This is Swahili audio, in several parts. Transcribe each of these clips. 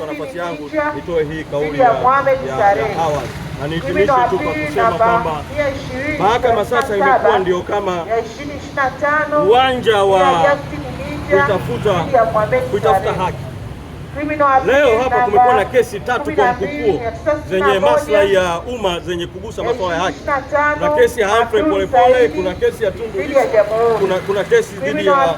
kwa nafasi yangu nitoe hii kauli ya hawa na nihitimishe tu kwa kusema kwamba mahakama sasa imekuwa ndio kama uwanja wa kuitafuta haki. Leo hapa kumekuwa na kesi tatu kwa mkupuo zenye maslahi ya umma zenye kugusa masuala ya haki. Kuna kesi ya Humphrey Polepole, kuna kesi ya Tundu Lissu, kuna, kesi dhidi ya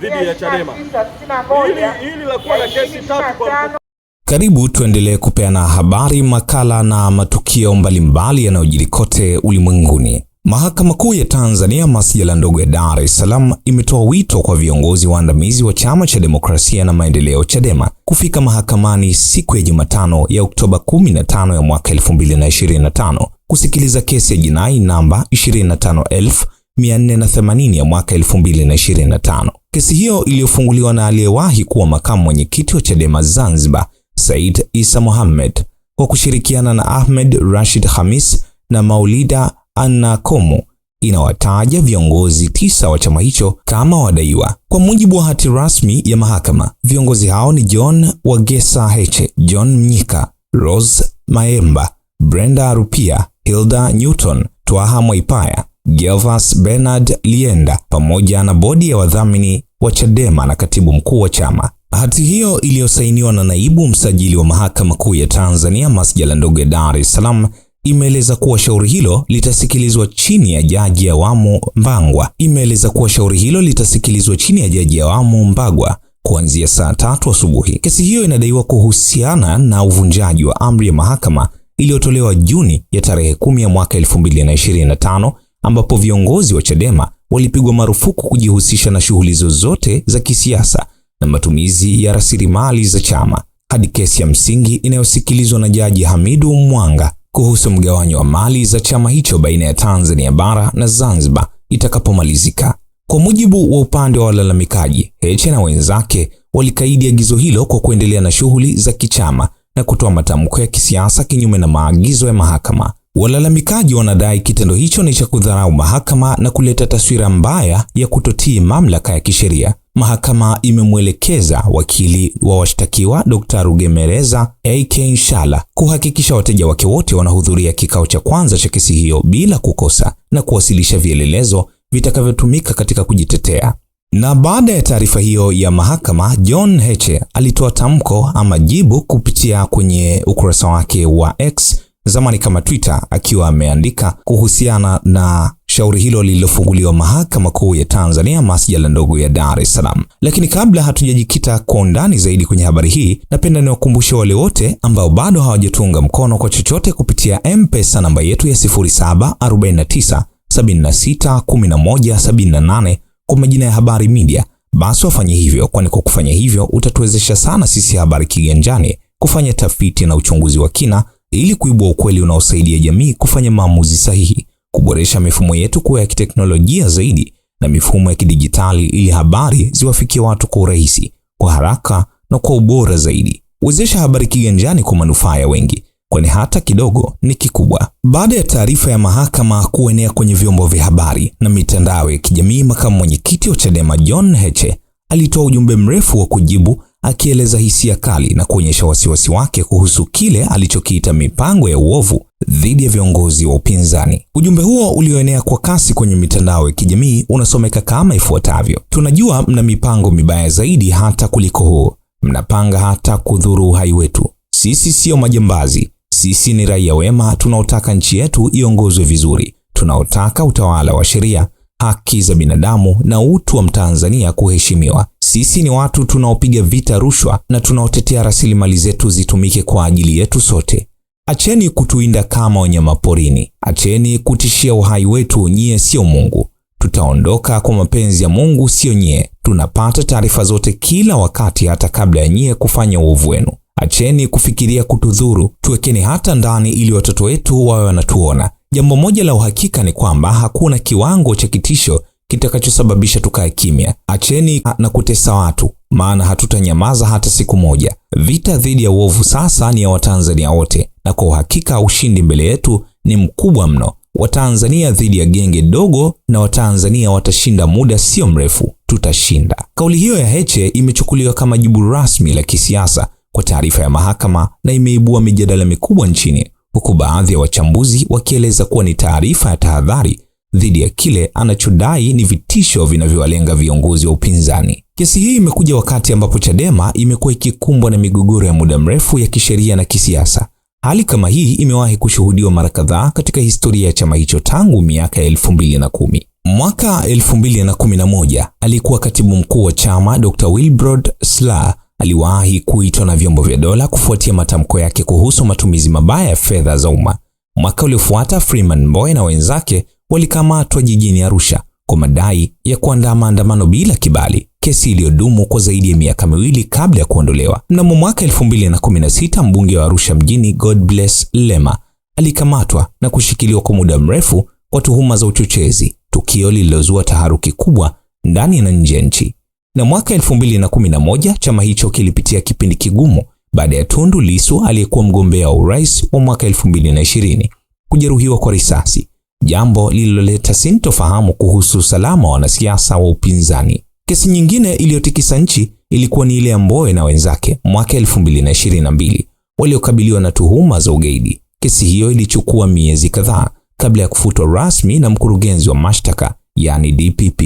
dhidi ya Chadema. Hili hili la kuwa na kesi tatu kwa mkupuo. Karibu tuendelee kupeana habari, makala na matukio mbalimbali yanayojiri kote ulimwenguni. Mahakama Kuu ya Tanzania masjala ndogo ya Dar es Salaam imetoa wito kwa viongozi waandamizi wa Chama cha Demokrasia na Maendeleo Chadema kufika mahakamani siku ya Jumatano ya Oktoba 15 ya mwaka 2025 kusikiliza kesi ya jinai namba 25480 ya mwaka 2025. Kesi hiyo iliyofunguliwa na aliyewahi kuwa makamu mwenyekiti wa Chadema Zanzibar, Said Isa Mohamed kwa kushirikiana na Ahmed Rashid Hamis na Maulida Anna Komu inawataja viongozi tisa wa chama hicho kama wadaiwa. Kwa mujibu wa hati rasmi ya mahakama, viongozi hao ni John Wagesa Heche, John Mnyika, Rose Maemba, Brenda Rupia, Hilda Newton, Twaha Mwaipaya, Gervas Bernard Lienda pamoja na bodi ya wadhamini wa Chadema na katibu mkuu wa chama. Hati hiyo iliyosainiwa na naibu msajili wa mahakama kuu ya Tanzania, masjala ndogo ya Dar es Salaam imeeleza kuwa shauri hilo litasikilizwa chini ya jaji awamu Mbangwa imeeleza kuwa shauri hilo litasikilizwa chini ya jaji awamu Mbagwa kuanzia saa tatu asubuhi. Kesi hiyo inadaiwa kuhusiana na uvunjaji wa amri ya mahakama iliyotolewa Juni ya tarehe kumi ya mwaka 2025 ambapo viongozi wa Chadema walipigwa marufuku kujihusisha na shughuli zozote za kisiasa na matumizi ya rasilimali za chama hadi kesi ya msingi inayosikilizwa na Jaji Hamidu Mwanga kuhusu mgawanyo wa mali za chama hicho baina ya Tanzania bara na Zanzibar itakapomalizika. Kwa mujibu wa upande wa walalamikaji, Heche na wenzake walikaidi agizo hilo kwa kuendelea na shughuli za kichama na kutoa matamko ya kisiasa kinyume na maagizo ya mahakama. Walalamikaji wanadai kitendo hicho ni cha kudharau mahakama na kuleta taswira mbaya ya kutotii mamlaka ya kisheria mahakama imemwelekeza wakili wa washtakiwa Dr. Rugemeleza AK Nshala kuhakikisha wateja wake wote wanahudhuria kikao cha kwanza cha kesi hiyo bila kukosa na kuwasilisha vielelezo vitakavyotumika katika kujitetea. Na baada ya taarifa hiyo ya mahakama, John Heche alitoa tamko ama jibu kupitia kwenye ukurasa wake wa X zamani kama Twitter, akiwa ameandika kuhusiana na shauri hilo lililofunguliwa Mahakama Kuu ya Tanzania masjala ndogo ya Dar es Salaam. Lakini kabla hatujajikita kwa undani zaidi kwenye habari hii, napenda niwakumbushe wale wote ambao bado hawajatunga mkono kwa chochote kupitia M-Pesa namba yetu ya 0749761178 kwa majina ya Habari Media, basi wafanye hivyo, kwani kwa kufanya hivyo utatuwezesha sana sisi Habari Kiganjani kufanya tafiti na uchunguzi wa kina ili kuibua ukweli unaosaidia jamii kufanya maamuzi sahihi kuboresha mifumo yetu kuwa ya kiteknolojia zaidi na mifumo ya kidijitali ili habari ziwafikie watu kwa urahisi, kwa haraka na kwa ubora zaidi. Wezesha habari kiganjani kwa manufaa ya wengi, kwani hata kidogo ni kikubwa. Baada ya taarifa ya mahakama kuenea kwenye vyombo vya habari na mitandao ya kijamii, makamu mwenyekiti wa Chadema John Heche alitoa ujumbe mrefu wa kujibu akieleza hisia kali na kuonyesha wasiwasi wake kuhusu kile alichokiita mipango ya uovu dhidi ya viongozi wa upinzani. Ujumbe huo ulioenea kwa kasi kwenye mitandao ya kijamii unasomeka kama ifuatavyo: tunajua mna mipango mibaya zaidi hata kuliko huu, mnapanga hata kudhuru uhai wetu. Sisi siyo majambazi, sisi ni raia wema tunaotaka nchi yetu iongozwe vizuri, tunaotaka utawala wa sheria haki za binadamu na utu wa Mtanzania kuheshimiwa. Sisi ni watu tunaopiga vita rushwa na tunaotetea rasilimali zetu zitumike kwa ajili yetu sote. Acheni kutuinda kama wanyama porini, acheni kutishia uhai wetu. Nyie sio Mungu. Tutaondoka kwa mapenzi ya Mungu, sio nyie. Tunapata taarifa zote kila wakati, hata kabla ya nyie kufanya uovu wenu. Acheni kufikiria kutudhuru, tuwekeni hata ndani ili watoto wetu wawe wanatuona. Jambo moja la uhakika ni kwamba hakuna kiwango cha kitisho kitakachosababisha tukae kimya. Acheni na kutesa watu, maana hatutanyamaza hata siku moja. Vita dhidi ya uovu sasa ni ya Watanzania wote, na kwa uhakika ushindi mbele yetu ni mkubwa mno. Watanzania dhidi ya genge dogo, na Watanzania watashinda. Muda sio mrefu tutashinda. Kauli hiyo ya Heche imechukuliwa kama jibu rasmi la kisiasa kwa taarifa ya mahakama na imeibua mijadala mikubwa nchini huku baadhi ya wachambuzi wakieleza kuwa ni taarifa ya tahadhari dhidi ya kile anachodai ni vitisho vinavyowalenga viongozi wa upinzani. Kesi hii imekuja wakati ambapo Chadema imekuwa ikikumbwa na migogoro ya muda mrefu ya kisheria na kisiasa. Hali kama hii imewahi kushuhudiwa mara kadhaa katika historia ya chama hicho tangu miaka ya 2010. Mwaka 2011 alikuwa katibu mkuu wa chama Dr. Wilbrod Slaa aliwahi kuitwa na vyombo vya dola kufuatia matamko yake kuhusu matumizi mabaya ya fedha za umma. Mwaka uliofuata, Freeman Mbowe na wenzake walikamatwa jijini Arusha kwa madai ya kuandaa maandamano bila kibali, kesi iliyodumu kwa zaidi ya miaka miwili kabla ya kuondolewa. Mnamo mwaka 2016 mbunge wa Arusha mjini Godbless Lema alikamatwa na kushikiliwa kwa muda mrefu kwa tuhuma za uchochezi, tukio lililozua taharuki kubwa ndani na nje ya nchi na mwaka 2011 chama hicho kilipitia kipindi kigumu baada ya Tundu Lissu aliyekuwa mgombea wa urais wa mwaka 2020 kujeruhiwa kwa risasi, jambo lililoleta sintofahamu kuhusu usalama wa wanasiasa wa upinzani. Kesi nyingine iliyotikisa nchi ilikuwa ni ile ya Mbowe na wenzake mwaka 2022 waliokabiliwa na tuhuma za ugaidi. Kesi hiyo ilichukua miezi kadhaa kabla ya kufutwa rasmi na mkurugenzi wa mashtaka, yani DPP.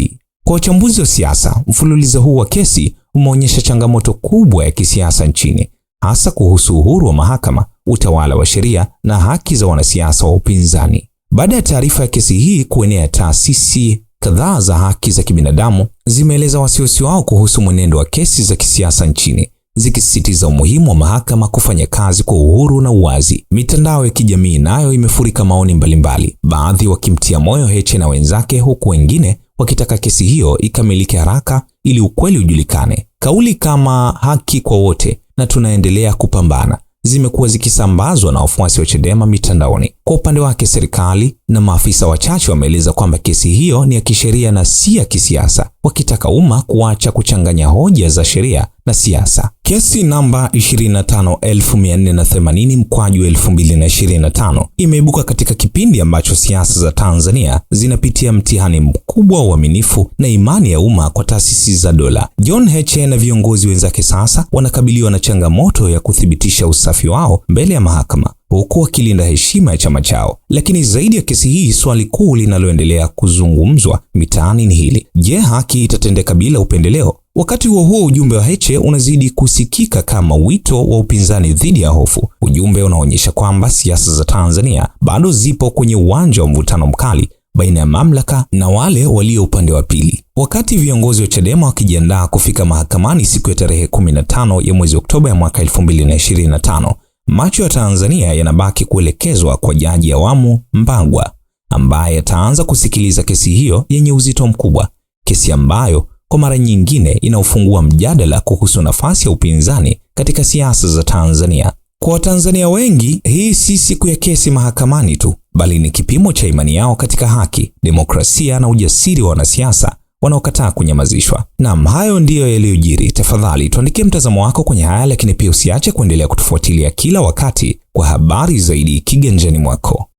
Kwa uchambuzi wa siasa, mfululizo huu wa kesi umeonyesha changamoto kubwa ya kisiasa nchini, hasa kuhusu uhuru wa mahakama, utawala wa sheria na haki za wanasiasa wa upinzani. Baada ya taarifa ya kesi hii kuenea, taasisi kadhaa za haki za kibinadamu zimeeleza wasiwasi wao kuhusu mwenendo wa kesi za kisiasa nchini, zikisisitiza umuhimu wa mahakama kufanya kazi kwa uhuru na uwazi. Mitandao ya kijamii nayo imefurika maoni mbalimbali, baadhi wakimtia moyo Heche na wenzake, huku wengine wakitaka kesi hiyo ikamilike haraka ili ukweli ujulikane. Kauli kama haki kwa wote na tunaendelea kupambana zimekuwa zikisambazwa na wafuasi wa Chadema mitandaoni. Kwa upande wake, serikali na maafisa wachache wameeleza kwamba kesi hiyo ni ya kisheria na si ya kisiasa, wakitaka umma kuacha kuchanganya hoja za sheria na siasa. Kesi namba 25480 mkwaju 2025 imeibuka katika kipindi ambacho siasa za Tanzania zinapitia mtihani mkubwa wa uaminifu na imani ya umma kwa taasisi za dola. John Heche na viongozi wenzake sasa wanakabiliwa na changamoto ya kuthibitisha usafi wao mbele ya mahakama huku wakilinda heshima ya chama chao. Lakini zaidi ya kesi hii, swali kuu linaloendelea kuzungumzwa mitaani ni hili: je, haki itatendeka bila upendeleo? Wakati huo huo, ujumbe wa Heche unazidi kusikika kama wito wa upinzani dhidi ya hofu. Ujumbe unaonyesha kwamba siasa za Tanzania bado zipo kwenye uwanja wa mvutano mkali baina ya mamlaka na wale walio upande wa pili. Wakati viongozi wa Chadema wakijiandaa kufika mahakamani siku ya tarehe 15 ya mwezi Oktoba ya mwaka 2025, macho ya Tanzania yanabaki kuelekezwa kwa Jaji Awamu Mbagwa ambaye ataanza kusikiliza kesi hiyo yenye uzito mkubwa, kesi ambayo kwa mara nyingine inaofungua mjadala kuhusu nafasi ya upinzani katika siasa za Tanzania. Kwa Watanzania wengi, hii si siku ya kesi mahakamani tu, bali ni kipimo cha imani yao katika haki, demokrasia na ujasiri wa wanasiasa wanaokataa kunyamazishwa. Naam, hayo ndiyo yaliyojiri. Tafadhali tuandikie mtazamo wako kwenye haya, lakini pia usiache kuendelea kutufuatilia kila wakati kwa habari zaidi kiganjani mwako.